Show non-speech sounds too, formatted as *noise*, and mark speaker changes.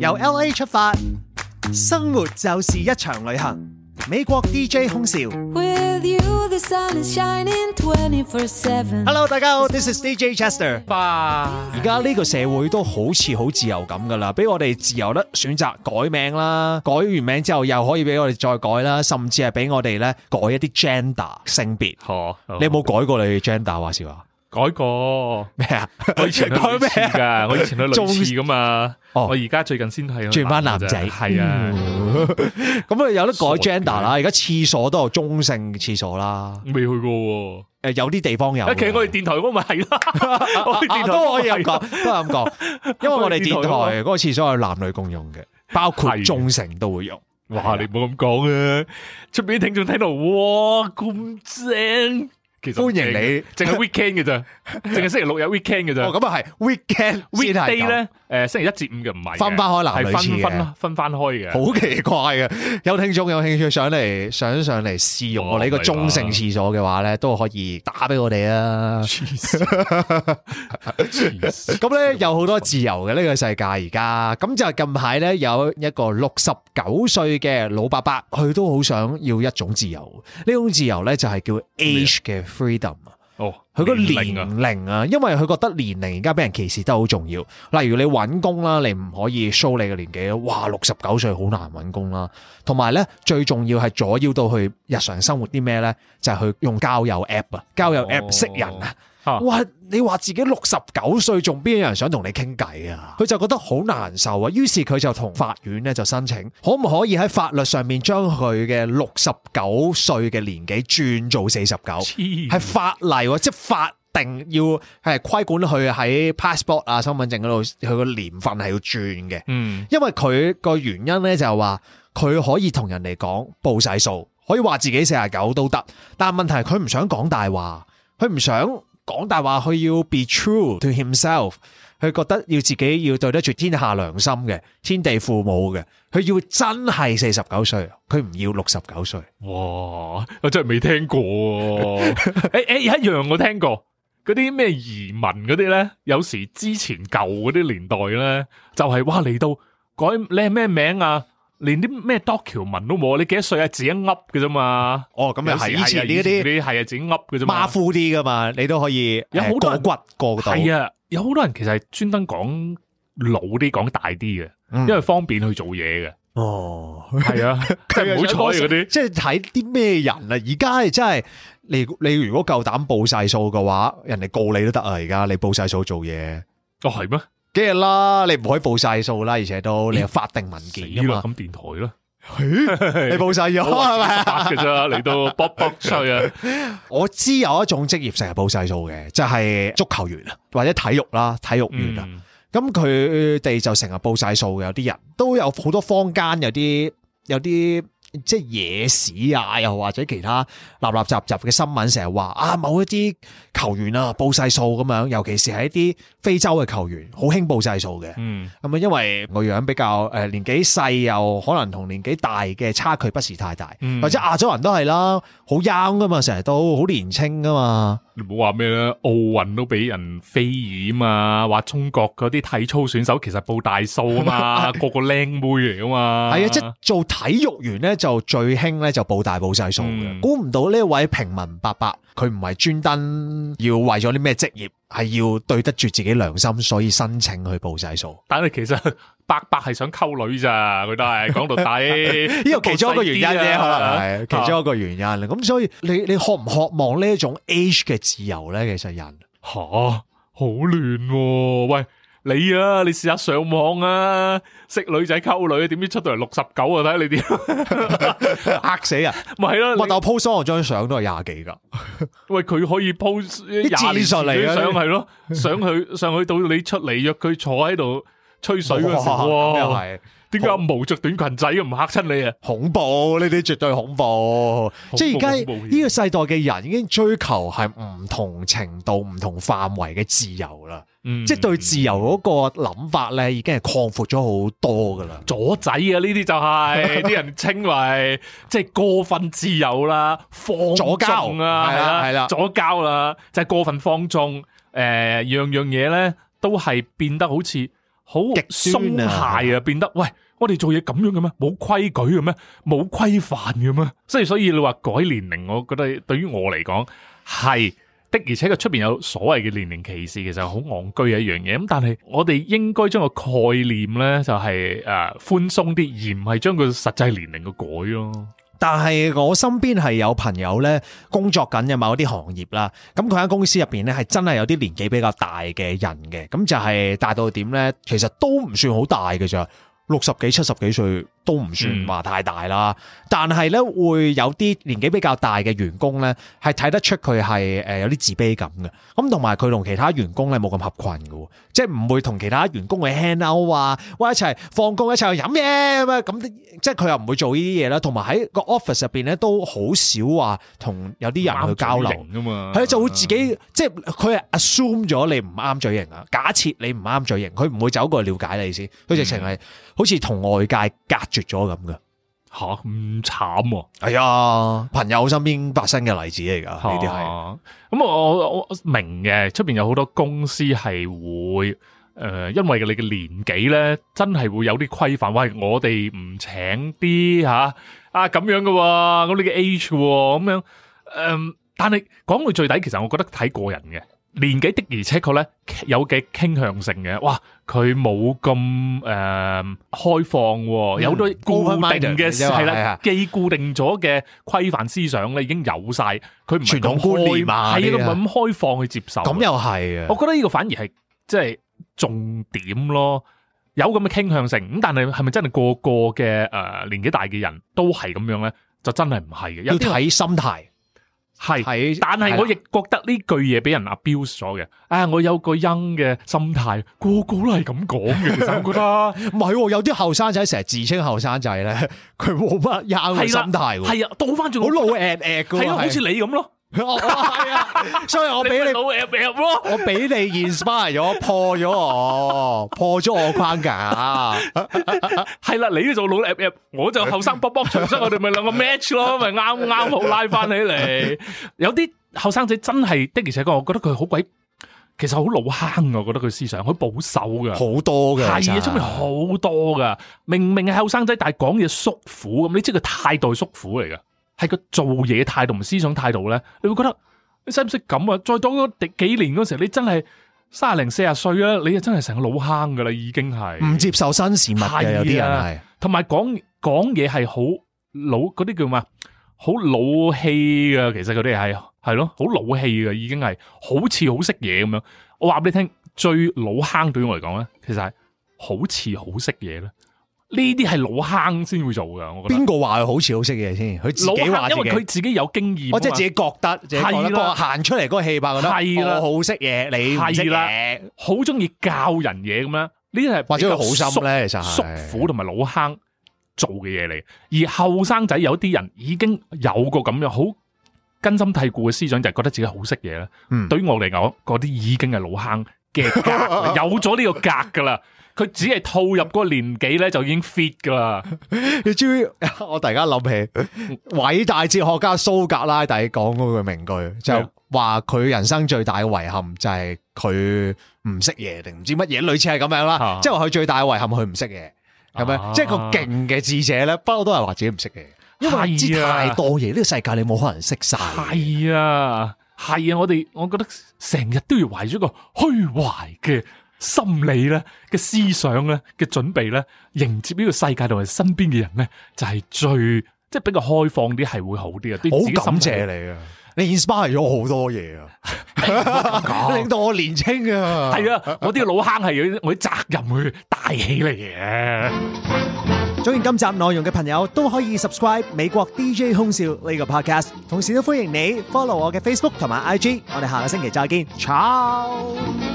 Speaker 1: 由 L A 出發，生活就是一場旅行。美國 D J 空少 you,，Hello 大家好，This is D J Chester。而家 Bye .呢個社會都好似好自由咁噶啦，俾我哋自由得選擇改名啦，改完名之後又可以俾我哋再改啦，甚至係俾我哋咧改一啲 gender 性別。哦，oh. oh. 你有冇改過你嘅 gender 啊？話事
Speaker 2: 話。改過咩啊？我以前改咩啊？我以前都女廁噶嘛。哦，我而家最近先係轉翻男仔。係啊，
Speaker 1: 咁啊有得改 gender 啦。而家廁所都有中性廁所啦。未去過誒，有啲地方有。其實我
Speaker 2: 哋電台嗰個咪係咯，都可以咁講，都係咁講。因為我哋電台嗰
Speaker 1: 個廁所係男女共用嘅，包括中性都會用。哇！你唔好咁講啊！
Speaker 2: 出邊聽眾睇到哇咁正。歡迎你，淨係 weekend 嘅啫，淨係星期六日 weekend 嘅啫。哦，咁啊係 weekend，weekday 咧，誒，星期一至五嘅唔係，分翻開嗱，係分分咯，分翻開嘅，好奇怪嘅。有聽眾有興趣上嚟，
Speaker 1: 想上嚟試用我呢個中性廁所嘅話咧，都可以打俾我哋啊。咁咧有好多自由嘅呢個世界而家，咁就近排咧有一個六十九歲嘅老伯伯，佢都好想要一種自由，呢種自由咧就係叫 age 嘅 freedom、oh，啊，佢個年齡啊，因為佢覺得年齡而家俾人歧視得好重要。例如你揾工啦，你唔可以 show 你嘅年紀，哇，六十九歲好難揾工啦。同埋咧，最重要係阻腰撓到佢日常生活啲咩呢？就係、是、去用交友 app 啊，交友 app，oh。識人啊。哇！你話自己六十九歲，仲邊有人想同你傾偈啊？佢就覺得好難受啊，於是佢就同法院咧就申請，可唔可以喺法律上面將佢嘅六十九歲嘅年紀轉做四十九？係法例喎，即法定要係規管佢喺 passport 啊、身份證嗰度，佢個年份係要轉嘅。嗯，因為佢個原因咧就係話，佢可以同人哋講報晒數，可以話自己四啊九都得，但係問題係佢唔想講大話，佢唔想。講大話，佢要 be true to himself，佢覺得要自己要對得住天下良心嘅天地父母嘅，佢要真係四十九歲，佢唔要六十九
Speaker 2: 歲。哇！我真係未聽過、啊，誒誒、 *laughs* 欸欸，一樣我聽過嗰啲咩移民嗰啲咧，有時之前舊嗰啲年代咧，就係、是、哇嚟到改你係咩名啊？連啲咩 document 都冇，你幾多歲啊？自己噏嘅啫嘛。哦，咁又係以前啲你係啊，自己噏嘅啫。馬虎啲噶嘛，你都可以有好多過骨過到。係啊，有好多人其實係專登講老啲，講大啲嘅，因為方便去做嘢嘅。哦、嗯，係啊，唔好彩嗰啲，即
Speaker 1: 係睇啲咩人啊。而家係真係，你你如果夠膽報晒數嘅話，人哋告你都得啊。而家你,你報晒數做嘢，哦，係咩？即係啦，你唔可以報晒數啦，而且都你有法定文件噶嘛？死啦！咁
Speaker 2: 電台咯，你報晒咗係咪？其實嚟到都卜卜吹去。
Speaker 1: *laughs* 我知有一種職業成日報晒數嘅，就係、是、足球員啊，或者體育啦、體育員啊。咁佢哋就成日報晒數嘅，有啲人都有好多坊間有啲有啲即係野史啊，又或者其他立立雜雜嘅新聞，成日話啊某一啲球員啊報晒數咁樣，尤其是係一啲。非洲嘅球員好興報細數嘅，咁啊，嗯、因為我樣比較誒、呃、年紀細，又可能同年紀大嘅差距不是太大，嗯、或者亞洲人都係啦，好 young
Speaker 2: 噶嘛，成日都好年青噶嘛。你唔好話咩啦，奧運都俾人非議啊，話中國嗰啲體操選手其實報大數啊嘛， *laughs* 個個靚妹嚟啊嘛。係啊、嗯，即係、就是、
Speaker 1: 做體育員咧就最興咧就報大報細數嘅，估唔、嗯、到呢位平民伯伯，佢唔係專登要為咗啲咩職業。係要對得住自己良心，所以申請去報晒數。
Speaker 2: 但係其實伯伯係想溝女咋，佢都係講到底，呢個 *laughs* 其中一個原因啫，可能係、啊、其中一個原因。
Speaker 1: 咁所以你你渴唔渴望呢一種 age 嘅自由咧？其實人
Speaker 2: 吓好亂喎，喂。你啊，你試下上網啊，識女仔溝女，點知出到嚟六十九啊？睇下你點 *laughs* *laughs* 嚇死
Speaker 1: 啊人！咪係咯，喂，但我 post 咗我張相都係廿幾㗎。
Speaker 2: *laughs* 喂，佢可以 post 廿年上嚟嘅相係咯，上去上去到你出嚟約佢坐喺度。 *laughs* *laughs* 吹水嘅時候又係，點解無着短裙仔咁唔吓親你啊？恐怖呢啲絕對恐怖。
Speaker 1: 即係而家呢個世代嘅人已經追求係唔同程度、唔同範圍嘅自由啦。嗯，即係對自由嗰個諗法咧，已經係擴闊咗好多噶啦。阻
Speaker 2: 仔啊，呢啲就係啲人稱為即係過分自由啦，放縱啊，係啦，係啦，左膠啦，就係過分放縱。誒，樣樣嘢咧都係變得好似。好鬆懈啊，變得喂，我哋做嘢咁樣嘅咩？冇規矩嘅咩？冇規範嘅咩？所以所以你話改年齡，我覺得對於我嚟講係的，而且佢出邊有所謂嘅年齡歧視，其實好戇居嘅一樣嘢。咁但係我哋應該將個概念咧就係誒寬鬆啲，而唔係將個實際年齡嘅改咯。但係
Speaker 1: 我身邊係有朋友咧，工作緊嘅某啲行業啦，咁佢間公司入邊咧係真係有啲年紀比較大嘅人嘅，咁就係大到點咧，其實都唔算好大嘅咋，六十幾、七十幾歲。都唔算話太大啦，但係咧會有啲年紀比較大嘅員工咧，係睇得出佢係誒有啲自卑感嘅。咁同埋佢同其他員工咧冇咁合群嘅，即係唔會同其他員工去 hang out 啊，喂，一齊放工一齊去飲嘢咁，即係佢又唔會做呢啲嘢啦。同埋喺個 office 入邊咧都好少話同有啲人去交流㗎嘛，係就會自己 uh, uh, 即係佢係 assume 咗你唔啱嘴型啊。假設你唔啱嘴型，佢唔會走過去了解你先，佢直情係好似同外界隔絕咗咁噶吓，咁慘喎。係啊，
Speaker 2: 朋友身邊發生嘅例子嚟噶，呢啲係，咁我我明嘅，出邊有好多公司係會誒，因為你嘅年紀咧，真係會有啲規範，喂，我哋唔請啲吓，啊咁樣噶，咁你嘅 age 咁樣，嗯，但係講到最底，其實我覺得睇個人嘅。年紀的而且確咧有嘅傾向性嘅，哇！佢冇咁誒開放，嗯、有咗固定嘅係啦，既固定咗嘅規範思想咧已經有晒，佢傳統觀念係佢唔咁開放去接受。咁又係啊！我覺得呢個反而係即係重點咯，有咁嘅傾向性。咁但係係咪真係個個嘅誒年紀大嘅人都係咁樣咧？就真係唔係嘅，要睇心態。係係，但係我亦覺得呢句嘢俾人 abuse 咗嘅。啊、哎，我有個因嘅心態，個個都係咁講嘅。其實我覺得唔係， *laughs* 有啲後生仔成日自稱後生仔咧，佢冇乜陰心態。係啊，
Speaker 1: 倒翻轉好老誒誒，係咯，好似你咁咯。係、 *laughs* 哦、啊，所以我俾你，你老 M
Speaker 2: M 咯，我俾你 inspire 咗，破咗我，破咗我框架。係 *laughs* 啦， *laughs* 你呢做老 M M，我就後生卜卜長生，我哋咪兩個 match 咯，咪啱啱好拉翻起嚟。有啲後生仔真係的，的而且確，我覺得佢好鬼，其實好老坑，我覺得佢思想好保守噶，好多噶，係啊，出面好多噶。明明係後生仔，但係講嘢叔父咁，你知佢態度叔父嚟噶。係個做嘢態度同思想態度咧，你會覺得你識唔識咁啊？再多幾年嗰時候，你真係三廿零四廿歲啦，你又真係成個老坑噶啦，已經係唔
Speaker 1: 接受新事物嘅。啊、有啲人係，
Speaker 2: 同埋講講嘢係好老嗰啲叫咩？好老氣噶，其實嗰啲係係咯，好、啊、老氣噶，已經係好似好識嘢咁樣。我話俾你聽，最老坑對我嚟講咧，其實係好似好識嘢咧。呢啲係老坑先會做噶，我覺得。邊個話佢好似好識嘢先？佢自己話因為佢自己有經驗。我即係自己覺得，的自己行出嚟嗰個氣魄，覺得，好識嘢，你唔識嘢，好中意教人嘢咁樣。呢啲係或者佢好心咧，其實叔父同埋老坑做嘅嘢嚟。而後生仔有啲人已經有個咁樣好根深蒂固嘅思想，就係、是、覺得自己好識嘢咧。嗯，對於我嚟講，嗰啲已經係老坑。有咗呢個格噶啦，佢只係套入嗰個年紀咧就已經 fit 噶啦。你知唔知？我突然間諗起偉
Speaker 1: 大哲學家蘇格拉底講嗰個名句，就話佢人生最大嘅遺憾就係佢唔識嘢，定唔知乜嘢，類似係咁樣啦。即係話佢最大嘅遺憾，佢唔識嘢咁樣。即係個勁
Speaker 2: 嘅智者咧，不嬲都係話自己唔識嘢？因為知太多
Speaker 1: 嘢，呢個世界你冇可能識晒。
Speaker 2: 係啊。係啊，我哋我覺得成日都要懷咗一個虛懷嘅心理咧、嘅思想咧、嘅準備咧，迎接呢個世界同埋身邊嘅人咧，就係最即係比較開放啲，係會好啲啊！啲，好感謝你啊，你 inspire 咗好多嘢啊，令 *laughs* *laughs* 到我年輕啊，係 *laughs* 啊，我啲老坑係有我啲責任去帶起嚟嘅。
Speaker 1: 鍾意今集內容嘅朋友都可以 Subscribe 美國 DJ 空少呢個 Podcast，同時都歡迎你 Follow 我嘅 Facebook 同埋 IG。我哋下個星期再見，Ciao。